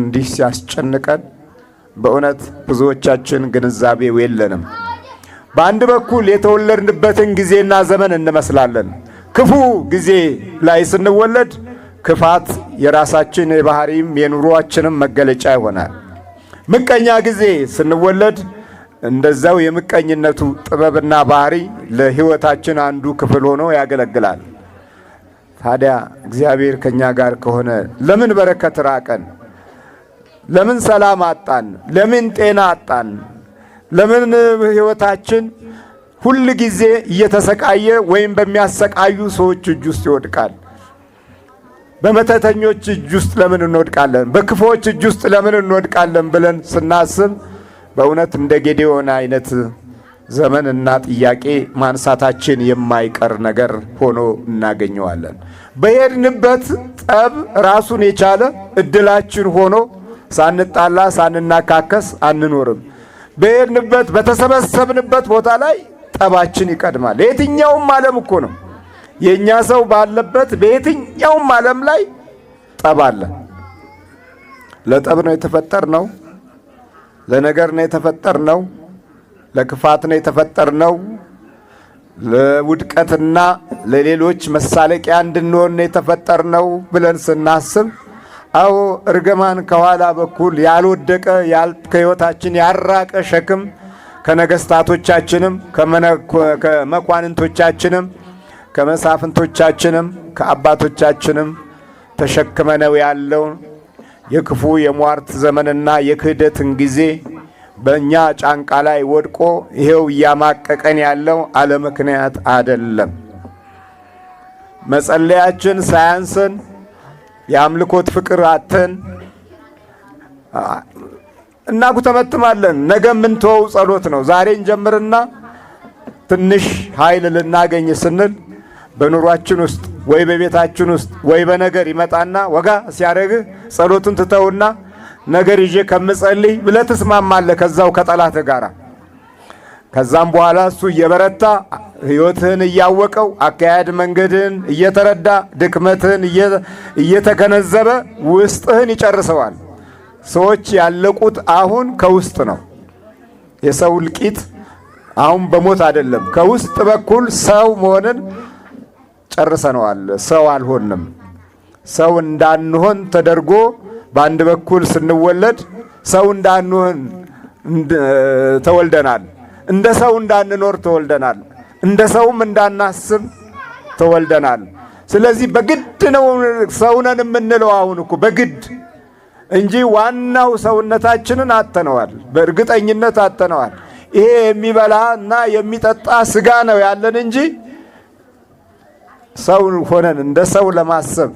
እንዲህ ሲያስጨንቀን በእውነት ብዙዎቻችን ግንዛቤው የለንም። በአንድ በኩል የተወለድንበትን ጊዜና ዘመን እንመስላለን። ክፉ ጊዜ ላይ ስንወለድ ክፋት የራሳችን የባህሪም የኑሮአችንም መገለጫ ይሆናል። ምቀኛ ጊዜ ስንወለድ እንደዛው የምቀኝነቱ ጥበብና ባህሪ ለሕይወታችን አንዱ ክፍል ሆኖ ያገለግላል። ታዲያ እግዚአብሔር ከእኛ ጋር ከሆነ ለምን በረከት ራቀን? ለምን ሰላም አጣን? ለምን ጤና አጣን? ለምን ህይወታችን ሁል ጊዜ እየተሰቃየ ወይም በሚያሰቃዩ ሰዎች እጅ ውስጥ ይወድቃል? በመተተኞች እጅ ውስጥ ለምን እንወድቃለን? በክፎች እጅ ውስጥ ለምን እንወድቃለን ብለን ስናስብ በእውነት እንደ ጌዴዎን አይነት ዘመን እና ጥያቄ ማንሳታችን የማይቀር ነገር ሆኖ እናገኘዋለን። በሄድንበት ጠብ ራሱን የቻለ እድላችን ሆኖ ሳንጣላ ሳንናካከስ አንኖርም። በሄድንበት በተሰበሰብንበት ቦታ ላይ ጠባችን ይቀድማል። የትኛውም ዓለም እኮ ነው የእኛ ሰው ባለበት በየትኛውም ዓለም ላይ ጠብ አለ። ለጠብ ነው የተፈጠር ነው። ለነገር ነው የተፈጠር ነው። ለክፋት ነው የተፈጠር ነው። ለውድቀትና ለሌሎች መሳለቂያ እንድንሆን ነው የተፈጠር ነው ብለን ስናስብ አዎ እርግማን ከኋላ በኩል ያልወደቀ ከሕይወታችን ያራቀ ሸክም ከነገስታቶቻችንም ከመኳንንቶቻችንም ከመሳፍንቶቻችንም ከአባቶቻችንም ተሸክመነው ያለው የክፉ የሟርት ዘመንና የክህደትን ጊዜ በእኛ ጫንቃ ላይ ወድቆ ይሄው እያማቀቀን ያለው አለምክንያት አደለም። መጸለያችን ሳያንሰን የአምልኮት ፍቅር አተን እናጉተመትማለን። ነገ የምንተወው ጸሎት ነው። ዛሬን ጀምርና ትንሽ ኃይል ልናገኝ ስንል በኑሯችን ውስጥ ወይ በቤታችን ውስጥ ወይ በነገር ይመጣና ወጋ ሲያደርግህ ጸሎቱን ትተውና ነገር ይዤ ከምጸልይ ብለህ ትስማማለህ ከዛው ከጠላት ጋር። ከዛም በኋላ እሱ እየበረታ ሕይወትህን እያወቀው አካሄድ መንገድህን እየተረዳ ድክመትህን እየተገነዘበ ውስጥህን ይጨርሰዋል። ሰዎች ያለቁት አሁን ከውስጥ ነው። የሰው እልቂት አሁን በሞት አይደለም። ከውስጥ በኩል ሰው መሆንን ጨርሰነዋል። ሰው አልሆንም። ሰው እንዳንሆን ተደርጎ በአንድ በኩል ስንወለድ ሰው እንዳንሆን ተወልደናል። እንደ ሰው እንዳንኖር ተወልደናል። እንደ ሰውም እንዳናስብ ተወልደናል። ስለዚህ በግድ ነው ሰውነን የምንለው። አሁን እኮ በግድ እንጂ ዋናው ሰውነታችንን አተነዋል፣ በእርግጠኝነት አተነዋል። ይሄ የሚበላ እና የሚጠጣ ስጋ ነው ያለን እንጂ ሰው ሆነን እንደ ሰው ለማሰብ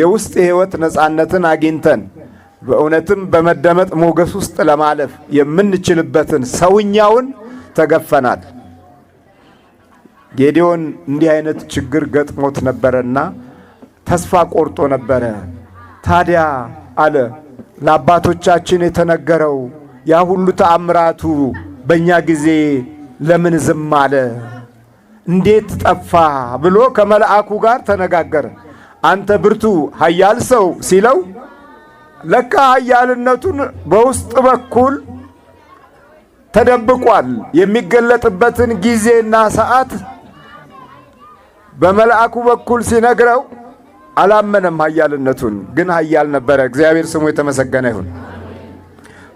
የውስጥ የህይወት ነፃነትን አግኝተን በእውነትም በመደመጥ ሞገስ ውስጥ ለማለፍ የምንችልበትን ሰውኛውን ተገፈናል። ጌዲዮን እንዲህ አይነት ችግር ገጥሞት ነበረና ተስፋ ቆርጦ ነበረ። ታዲያ አለ ለአባቶቻችን የተነገረው ያ ሁሉ ተአምራቱ በእኛ ጊዜ ለምን ዝም አለ? እንዴት ጠፋ? ብሎ ከመልአኩ ጋር ተነጋገረ። አንተ ብርቱ ኃያል ሰው ሲለው ለካ ኃያልነቱን በውስጥ በኩል ተደብቋል። የሚገለጥበትን ጊዜና ሰዓት በመልአኩ በኩል ሲነግረው አላመነም። ኃያልነቱን ግን ኃያል ነበረ። እግዚአብሔር ስሙ የተመሰገነ ይሁን።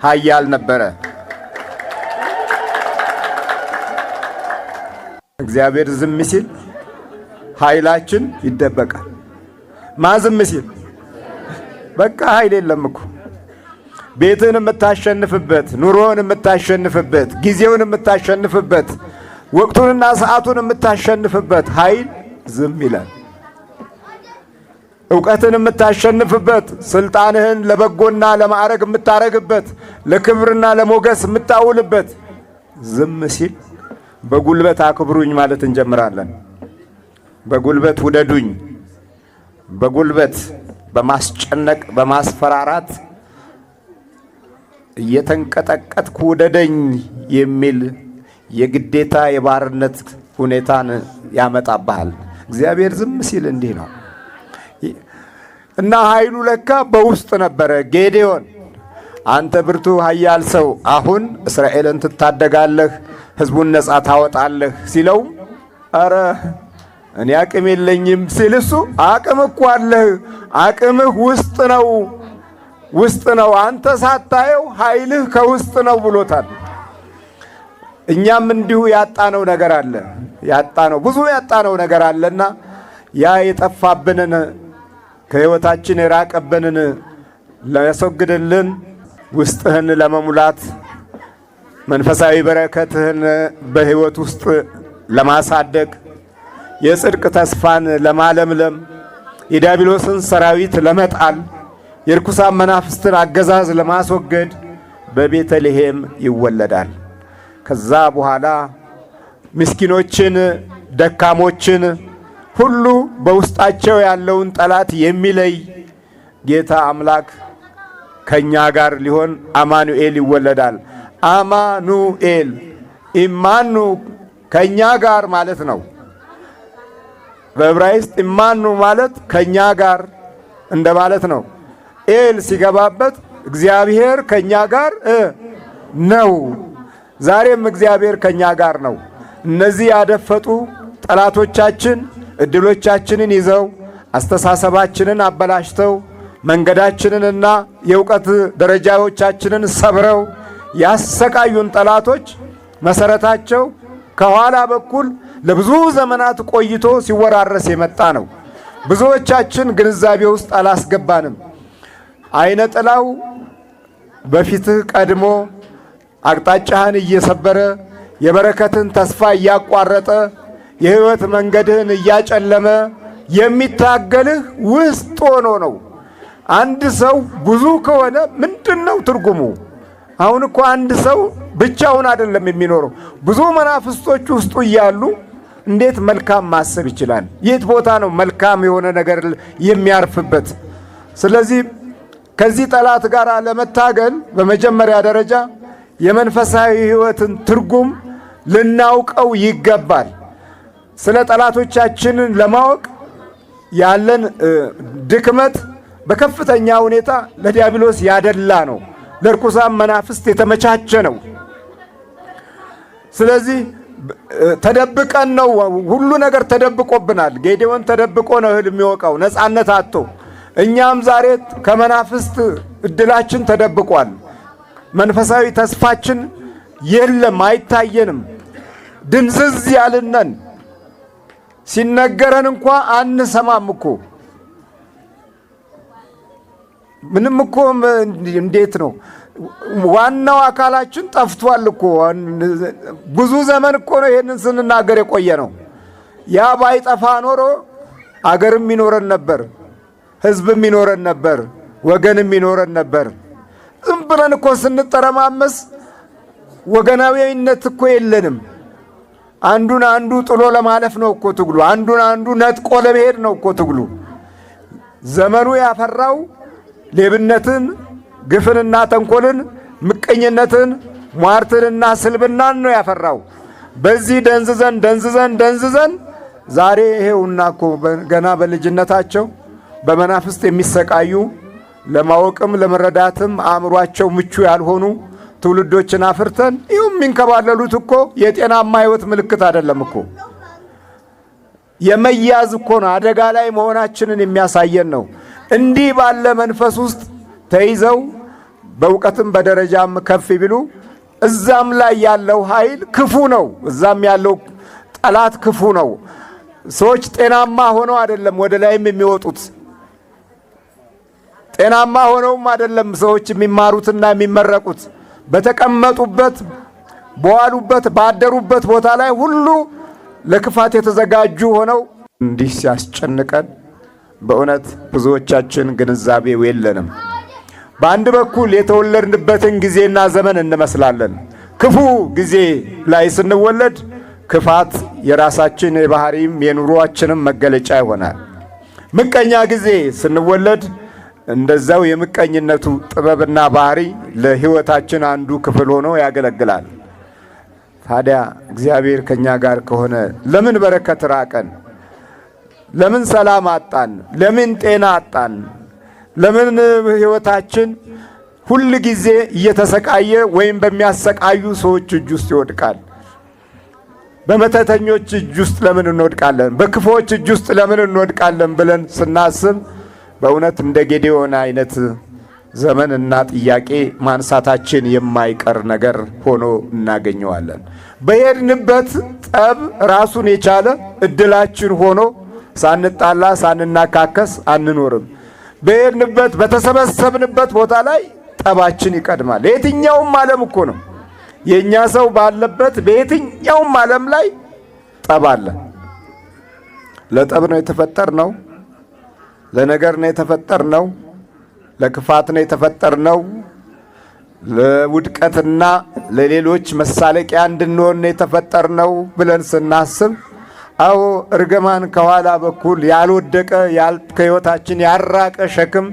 ኃያል ነበረ። እግዚአብሔር ዝም ሲል ኃይላችን ይደበቃል። ማ ዝም ሲል በቃ ኃይል የለም እኮ ቤትህን የምታሸንፍበት፣ ኑሮህን የምታሸንፍበት፣ ጊዜውን የምታሸንፍበት፣ ወቅቱንና ሰዓቱን የምታሸንፍበት ኃይል ዝም ይላል። እውቀትን የምታሸንፍበት፣ ስልጣንህን ለበጎና ለማዕረግ የምታረግበት፣ ለክብርና ለሞገስ የምታውልበት ዝም ሲል በጉልበት አክብሩኝ ማለት እንጀምራለን። በጉልበት ውደዱኝ፣ በጉልበት በማስጨነቅ በማስፈራራት እየተንቀጠቀጥኩ ውደደኝ የሚል የግዴታ የባርነት ሁኔታን ያመጣብሃል። እግዚአብሔር ዝም ሲል እንዲህ ነው። እና ኃይሉ ለካ በውስጥ ነበረ። ጌዴዎን አንተ ብርቱ ኃያል ሰው አሁን እስራኤልን ትታደጋለህ፣ ህዝቡን ነጻ ታወጣለህ ሲለውም አረ እኔ አቅም የለኝም ሲል እሱ አቅም እኮ አለህ፣ አቅምህ ውስጥ ነው ውስጥ ነው አንተ ሳታየው ኃይልህ ከውስጥ ነው ብሎታል። እኛም እንዲሁ ያጣነው ነገር አለ። ያጣ ነው ብዙ ያጣ ነው ነገር አለና ያ የጠፋብንን ከህይወታችን የራቀብንን ሊያስወግድልን ውስጥህን ለመሙላት መንፈሳዊ በረከትህን በህይወት ውስጥ ለማሳደግ የጽድቅ ተስፋን ለማለምለም የዲያብሎስን ሰራዊት ለመጣል የርኩሳን መናፍስትን አገዛዝ ለማስወገድ በቤተልሔም ይወለዳል። ከዛ በኋላ ምስኪኖችን፣ ደካሞችን ሁሉ በውስጣቸው ያለውን ጠላት የሚለይ ጌታ አምላክ ከእኛ ጋር ሊሆን አማኑኤል ይወለዳል። አማኑኤል ኢማኑ ከእኛ ጋር ማለት ነው። በዕብራይስጥ ኢማኑ ማለት ከእኛ ጋር እንደ ማለት ነው። ኤል ሲገባበት እግዚአብሔር ከእኛ ጋር ነው። ዛሬም እግዚአብሔር ከእኛ ጋር ነው። እነዚህ ያደፈጡ ጠላቶቻችን እድሎቻችንን ይዘው አስተሳሰባችንን አበላሽተው መንገዳችንንና የእውቀት ደረጃዎቻችንን ሰብረው ያሰቃዩን ጠላቶች መሰረታቸው ከኋላ በኩል ለብዙ ዘመናት ቆይቶ ሲወራረስ የመጣ ነው። ብዙዎቻችን ግንዛቤ ውስጥ አላስገባንም። አይነ ጥላው በፊትህ ቀድሞ አቅጣጫህን እየሰበረ የበረከትን ተስፋ እያቋረጠ የህይወት መንገድህን እያጨለመ የሚታገልህ ውስጥ ሆኖ ነው። አንድ ሰው ብዙ ከሆነ ምንድን ነው ትርጉሙ? አሁን እኮ አንድ ሰው ብቻውን አይደለም የሚኖረው። ብዙ መናፍስቶች ውስጡ እያሉ እንዴት መልካም ማሰብ ይችላል? የት ቦታ ነው መልካም የሆነ ነገር የሚያርፍበት? ስለዚህ ከዚህ ጠላት ጋር ለመታገል በመጀመሪያ ደረጃ የመንፈሳዊ ሕይወትን ትርጉም ልናውቀው ይገባል። ስለ ጠላቶቻችንን ለማወቅ ያለን ድክመት በከፍተኛ ሁኔታ ለዲያብሎስ ያደላ ነው፣ ለርኩሳን መናፍስት የተመቻቸ ነው። ስለዚህ ተደብቀን ነው፣ ሁሉ ነገር ተደብቆብናል። ጌዴዎን ተደብቆ ነው እህል የሚወቃው ነፃነት አጥቶ፣ እኛም ዛሬ ከመናፍስት እድላችን ተደብቋል። መንፈሳዊ ተስፋችን የለም፣ አይታየንም። ድንዝዝ ያልነን ሲነገረን እንኳ አንሰማም እኮ ምንም እኮ እንዴት ነው? ዋናው አካላችን ጠፍቷል እኮ። ብዙ ዘመን እኮ ነው ይህንን ስንናገር የቆየ ነው። ያ ባይጠፋ ኖሮ አገርም ይኖረን ነበር፣ ህዝብም ይኖረን ነበር፣ ወገንም ይኖረን ነበር። ብለን እኮ ስንጠረማመስ ወገናዊነት እኮ የለንም። አንዱን አንዱ ጥሎ ለማለፍ ነው እኮ ትግሉ። አንዱን አንዱ ነጥቆ ለመሄድ ነው እኮ ትግሉ። ዘመኑ ያፈራው ሌብነትን፣ ግፍንና ተንኮልን፣ ምቀኝነትን፣ ሟርትንና ስልብናን ነው ያፈራው። በዚህ ደንዝዘን ደንዝዘን ደንዝዘን ዛሬ ይሄውና እኮ ገና በልጅነታቸው በመናፍስት የሚሰቃዩ ለማወቅም ለመረዳትም አእምሯቸው ምቹ ያልሆኑ ትውልዶችን አፍርተን ይሁም የሚንከባለሉት እኮ የጤናማ ህይወት ምልክት አይደለም እኮ የመያዝ እኮ ነው። አደጋ ላይ መሆናችንን የሚያሳየን ነው። እንዲህ ባለ መንፈስ ውስጥ ተይዘው በእውቀትም በደረጃም ከፍ ቢሉ እዛም ላይ ያለው ኃይል ክፉ ነው። እዛም ያለው ጠላት ክፉ ነው። ሰዎች ጤናማ ሆነው አይደለም ወደ ላይም የሚወጡት ጤናማ ሆነውም አይደለም ሰዎች የሚማሩትና የሚመረቁት። በተቀመጡበት በዋሉበት ባደሩበት ቦታ ላይ ሁሉ ለክፋት የተዘጋጁ ሆነው እንዲህ ሲያስጨንቀን በእውነት ብዙዎቻችን ግንዛቤው የለንም። በአንድ በኩል የተወለድንበትን ጊዜና ዘመን እንመስላለን። ክፉ ጊዜ ላይ ስንወለድ ክፋት የራሳችን የባህሪም የኑሯችንም መገለጫ ይሆናል። ምቀኛ ጊዜ ስንወለድ እንደዛው የምቀኝነቱ ጥበብና ባህሪ ለህይወታችን አንዱ ክፍል ሆኖ ያገለግላል። ታዲያ እግዚአብሔር ከእኛ ጋር ከሆነ ለምን በረከት ራቀን? ለምን ሰላም አጣን? ለምን ጤና አጣን? ለምን ህይወታችን ሁል ጊዜ እየተሰቃየ ወይም በሚያሰቃዩ ሰዎች እጅ ውስጥ ይወድቃል? በመተተኞች እጅ ውስጥ ለምን እንወድቃለን? በክፎች እጅ ውስጥ ለምን እንወድቃለን ብለን ስናስብ በእውነት እንደ ጌዴዎን አይነት ዘመንና ጥያቄ ማንሳታችን የማይቀር ነገር ሆኖ እናገኘዋለን። በሄድንበት ጠብ ራሱን የቻለ እድላችን ሆኖ ሳንጣላ ሳንናካከስ አንኖርም። በሄድንበት በተሰበሰብንበት ቦታ ላይ ጠባችን ይቀድማል። ለየትኛውም ዓለም እኮ ነው። የእኛ ሰው ባለበት በየትኛውም ዓለም ላይ ጠብ አለ። ለጠብ ነው የተፈጠር ነው። ለነገር ነው የተፈጠርነው፣ ለክፋት ነው የተፈጠርነው፣ ለውድቀትና ለሌሎች መሳለቂያ እንድንሆን ነው የተፈጠርነው ብለን ስናስብ አዎ እርግማን ከኋላ በኩል ያልወደቀ ከሕይወታችን ያራቀ ሸክም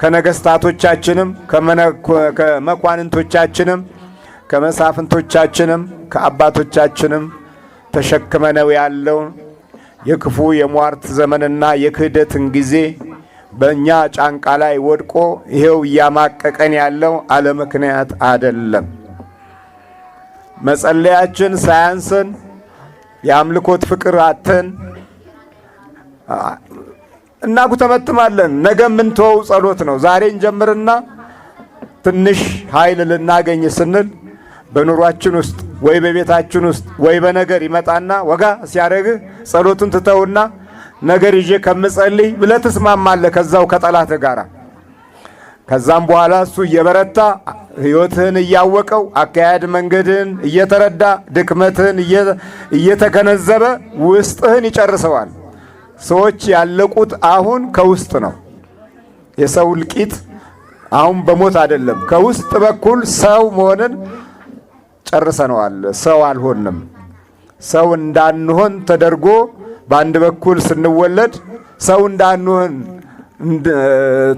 ከነገስታቶቻችንም ከመኳንንቶቻችንም ከመሳፍንቶቻችንም ከአባቶቻችንም ተሸክመነው ያለውን የክፉ የሟርት ዘመንና የክህደትን ጊዜ በእኛ ጫንቃ ላይ ወድቆ ይሄው እያማቀቀን ያለው አለምክንያት አደለም። መጸለያችን ሳያንስን የአምልኮት ፍቅር አተን እናጉተመትማለን። ነገ ምንተወው ጸሎት ነው። ዛሬን ጀምርና ትንሽ ኃይል ልናገኝ ስንል በኑሯችን ውስጥ ወይ በቤታችን ውስጥ ወይ በነገር ይመጣና ወጋ ሲያደርግህ ጸሎቱን ትተውና ነገር ይዤ ከምጸልይ ብለህ ትስማማለህ ከዛው ከጠላት ጋር። ከዛም በኋላ እሱ እየበረታ ሕይወትህን እያወቀው አካሄድ መንገድህን እየተረዳ ድክመትህን እየተገነዘበ ውስጥህን ይጨርሰዋል። ሰዎች ያለቁት አሁን ከውስጥ ነው። የሰው እልቂት አሁን በሞት አይደለም፣ ከውስጥ በኩል ሰው መሆንን ጨርሰነዋል። ሰው አልሆንም። ሰው እንዳንሆን ተደርጎ በአንድ በኩል ስንወለድ ሰው እንዳንሆን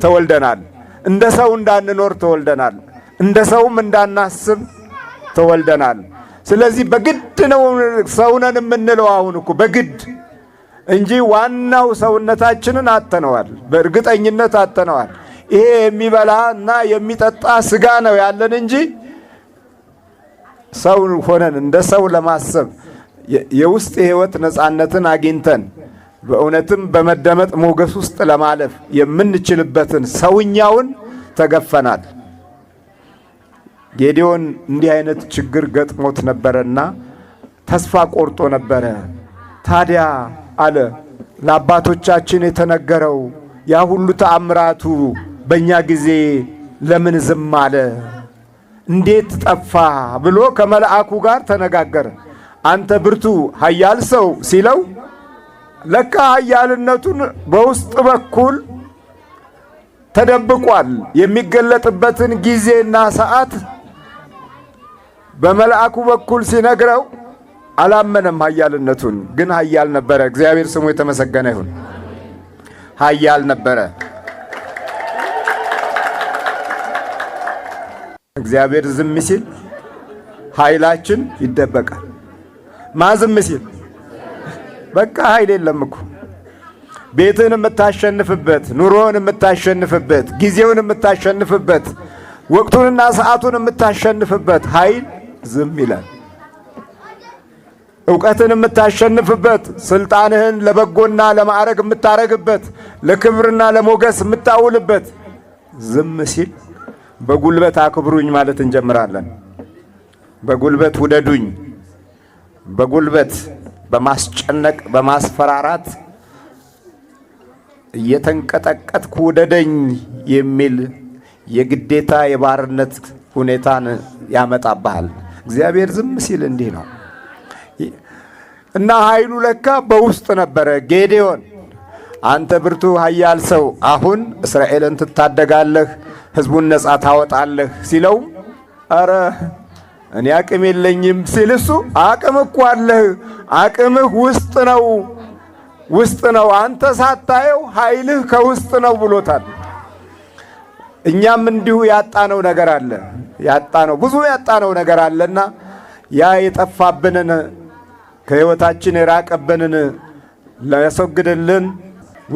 ተወልደናል። እንደ ሰው እንዳንኖር ተወልደናል። እንደ ሰውም እንዳናስብ ተወልደናል። ስለዚህ በግድ ነው ሰውነን የምንለው አሁን እኮ በግድ እንጂ ዋናው ሰውነታችንን አተነዋል። በእርግጠኝነት አተነዋል። ይሄ የሚበላ እና የሚጠጣ ስጋ ነው ያለን እንጂ ሰው ሆነን እንደ ሰው ለማሰብ የውስጥ የህይወት ነፃነትን አግኝተን በእውነትም በመደመጥ ሞገስ ውስጥ ለማለፍ የምንችልበትን ሰውኛውን ተገፈናል። ጌዲዮን እንዲህ አይነት ችግር ገጥሞት ነበረና ተስፋ ቆርጦ ነበረ። ታዲያ አለ ለአባቶቻችን የተነገረው ያ ሁሉ ተአምራቱ በእኛ ጊዜ ለምን ዝም አለ? እንዴት ጠፋ ብሎ ከመልአኩ ጋር ተነጋገረ። አንተ ብርቱ ኃያል ሰው ሲለው ለካ ኃያልነቱን በውስጥ በኩል ተደብቋል። የሚገለጥበትን ጊዜና ሰዓት በመልአኩ በኩል ሲነግረው አላመነም። ኃያልነቱን ግን ኃያል ነበረ። እግዚአብሔር ስሙ የተመሰገነ ይሁን። ኃያል ነበረ። እግዚአብሔር ዝም ሲል ኃይላችን ይደበቃል። ማ ዝም ሲል በቃ ኃይል የለም እኮ ቤትን የምታሸንፍበት፣ ኑሮን የምታሸንፍበት፣ ጊዜውን የምታሸንፍበት፣ ወቅቱንና ሰዓቱን የምታሸንፍበት ኃይል ዝም ይላል። እውቀትን የምታሸንፍበት፣ ስልጣንህን ለበጎና ለማዕረግ የምታረግበት፣ ለክብርና ለሞገስ የምታውልበት ዝም ሲል በጉልበት አክብሩኝ ማለት እንጀምራለን። በጉልበት ውደዱኝ፣ በጉልበት በማስጨነቅ በማስፈራራት እየተንቀጠቀጥኩ ውደደኝ የሚል የግዴታ የባርነት ሁኔታን ያመጣብሃል። እግዚአብሔር ዝም ሲል እንዲህ ነው እና ኃይሉ ለካ በውስጥ ነበረ። ጌዴዮን አንተ ብርቱ ኃያል ሰው አሁን እስራኤልን ትታደጋለህ ህዝቡን ነፃ ታወጣለህ ሲለው አረ እኔ አቅም የለኝም ሲል እሱ አቅም እኮ አለህ፣ አቅምህ ውስጥ ነው ውስጥ ነው አንተ ሳታየው ኃይልህ ከውስጥ ነው ብሎታል። እኛም እንዲሁ ያጣነው ነገር አለ ያጣነው ብዙ ያጣነው ነገር አለና ያ የጠፋብንን ከህይወታችን የራቀብንን ሊያስወግድልን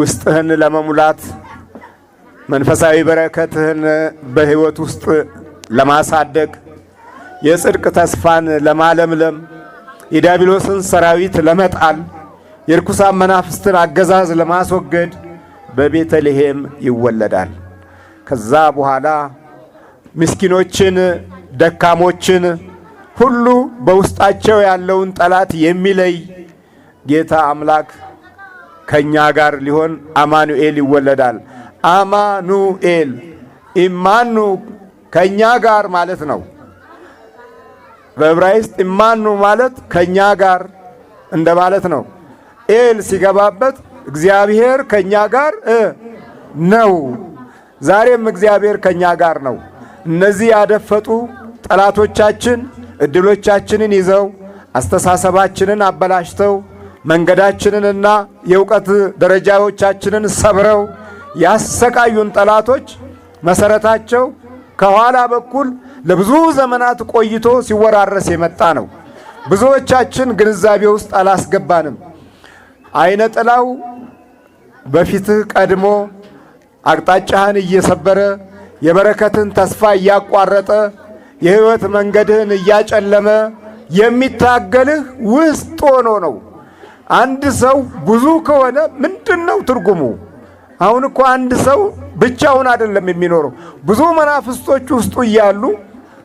ውስጥህን ለመሙላት መንፈሳዊ በረከትህን በሕይወት ውስጥ ለማሳደግ የጽድቅ ተስፋን ለማለምለም የዲያብሎስን ሰራዊት ለመጣል የርኩሳን መናፍስትን አገዛዝ ለማስወገድ በቤተልሔም ይወለዳል። ከዛ በኋላ ምስኪኖችን፣ ደካሞችን ሁሉ በውስጣቸው ያለውን ጠላት የሚለይ ጌታ አምላክ ከእኛ ጋር ሊሆን አማኑኤል ይወለዳል። አማኑኤል ኢማኑ ከእኛ ጋር ማለት ነው። በዕብራይስጥ ኢማኑ ማለት ከእኛ ጋር እንደማለት ነው። ኤል ሲገባበት እግዚአብሔር ከእኛ ጋር ነው። ዛሬም እግዚአብሔር ከእኛ ጋር ነው። እነዚህ ያደፈጡ ጠላቶቻችን እድሎቻችንን ይዘው አስተሳሰባችንን አበላሽተው መንገዳችንንና የእውቀት ደረጃዎቻችንን ሰብረው ያሰቃዩን ጠላቶች መሰረታቸው ከኋላ በኩል ለብዙ ዘመናት ቆይቶ ሲወራረስ የመጣ ነው። ብዙዎቻችን ግንዛቤ ውስጥ አላስገባንም። አይነ ጥላው በፊትህ ቀድሞ አቅጣጫህን እየሰበረ የበረከትን ተስፋ እያቋረጠ የሕይወት መንገድህን እያጨለመ የሚታገልህ ውስጥ ሆኖ ነው። አንድ ሰው ብዙ ከሆነ ምንድን ነው ትርጉሙ? አሁን እኮ አንድ ሰው ብቻውን አይደለም የሚኖረው። ብዙ መናፍስቶች ውስጡ እያሉ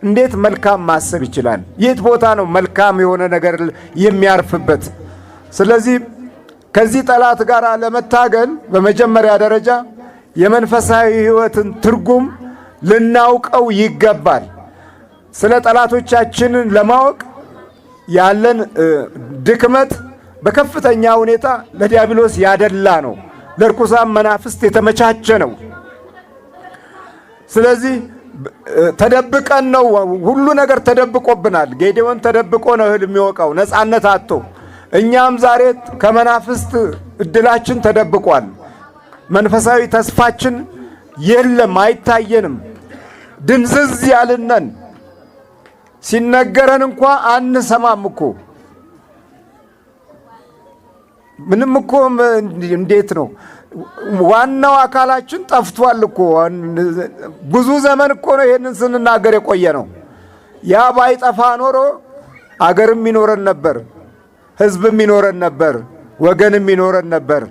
እንዴት መልካም ማሰብ ይችላል? የት ቦታ ነው መልካም የሆነ ነገር የሚያርፍበት? ስለዚህ ከዚህ ጠላት ጋር ለመታገል በመጀመሪያ ደረጃ የመንፈሳዊ ሕይወትን ትርጉም ልናውቀው ይገባል። ስለ ጠላቶቻችንን ለማወቅ ያለን ድክመት በከፍተኛ ሁኔታ ለዲያብሎስ ያደላ ነው። ለርኩሳን መናፍስት የተመቻቸ ነው። ስለዚህ ተደብቀን ነው፣ ሁሉ ነገር ተደብቆብናል። ጌዴዎን ተደብቆ ነው እህል የሚወቀው ነፃነት አቶ። እኛም ዛሬ ከመናፍስት እድላችን ተደብቋል። መንፈሳዊ ተስፋችን የለም፣ አይታየንም። ድንዝዝ ያልነን ሲነገረን እንኳ አንሰማም እኮ ምንም እኮ እንዴት ነው ዋናው አካላችን ጠፍቷል እኮ። ብዙ ዘመን እኮ ነው ይሄንን ስንናገር የቆየ ነው። ያ ባይጠፋ ኖሮ አገርም ይኖረን ነበር፣ ህዝብም ይኖረን ነበር፣ ወገንም ይኖረን ነበር።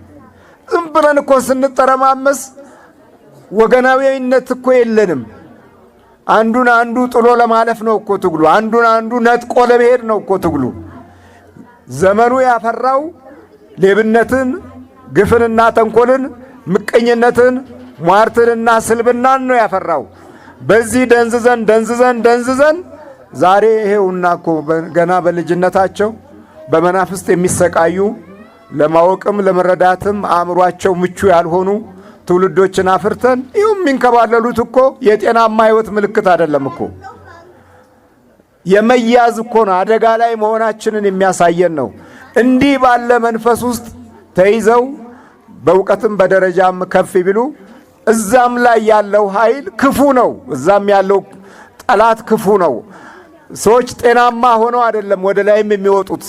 ዝም ብለን እኮ ስንጠረማመስ ወገናዊነት እኮ የለንም። አንዱን አንዱ ጥሎ ለማለፍ ነው እኮ ትግሉ። አንዱን አንዱ ነጥቆ ለመሄድ ነው እኮ ትግሉ። ዘመኑ ያፈራው ሌብነትን፣ ግፍንና ተንኮልን፣ ምቀኝነትን፣ ሟርትንና ስልብናን ነው ያፈራው። በዚህ ደንዝዘን ደንዝዘን ደንዝዘን ዛሬ ይሄውና እኮ ገና በልጅነታቸው በመናፍስት የሚሰቃዩ ለማወቅም ለመረዳትም አእምሯቸው ምቹ ያልሆኑ ትውልዶችን አፍርተን ይኸው የሚንከባለሉት እኮ የጤናማ ሕይወት ምልክት አይደለም እኮ የመያዝ እኮ ነው። አደጋ ላይ መሆናችንን የሚያሳየን ነው። እንዲህ ባለ መንፈስ ውስጥ ተይዘው በእውቀትም በደረጃም ከፍ ቢሉ እዛም ላይ ያለው ኃይል ክፉ ነው። እዛም ያለው ጠላት ክፉ ነው። ሰዎች ጤናማ ሆነው አይደለም ወደ ላይም የሚወጡት።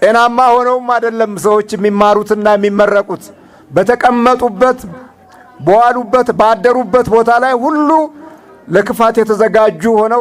ጤናማ ሆነውም አይደለም ሰዎች የሚማሩትና የሚመረቁት። በተቀመጡበት በዋሉበት ባደሩበት ቦታ ላይ ሁሉ ለክፋት የተዘጋጁ ሆነው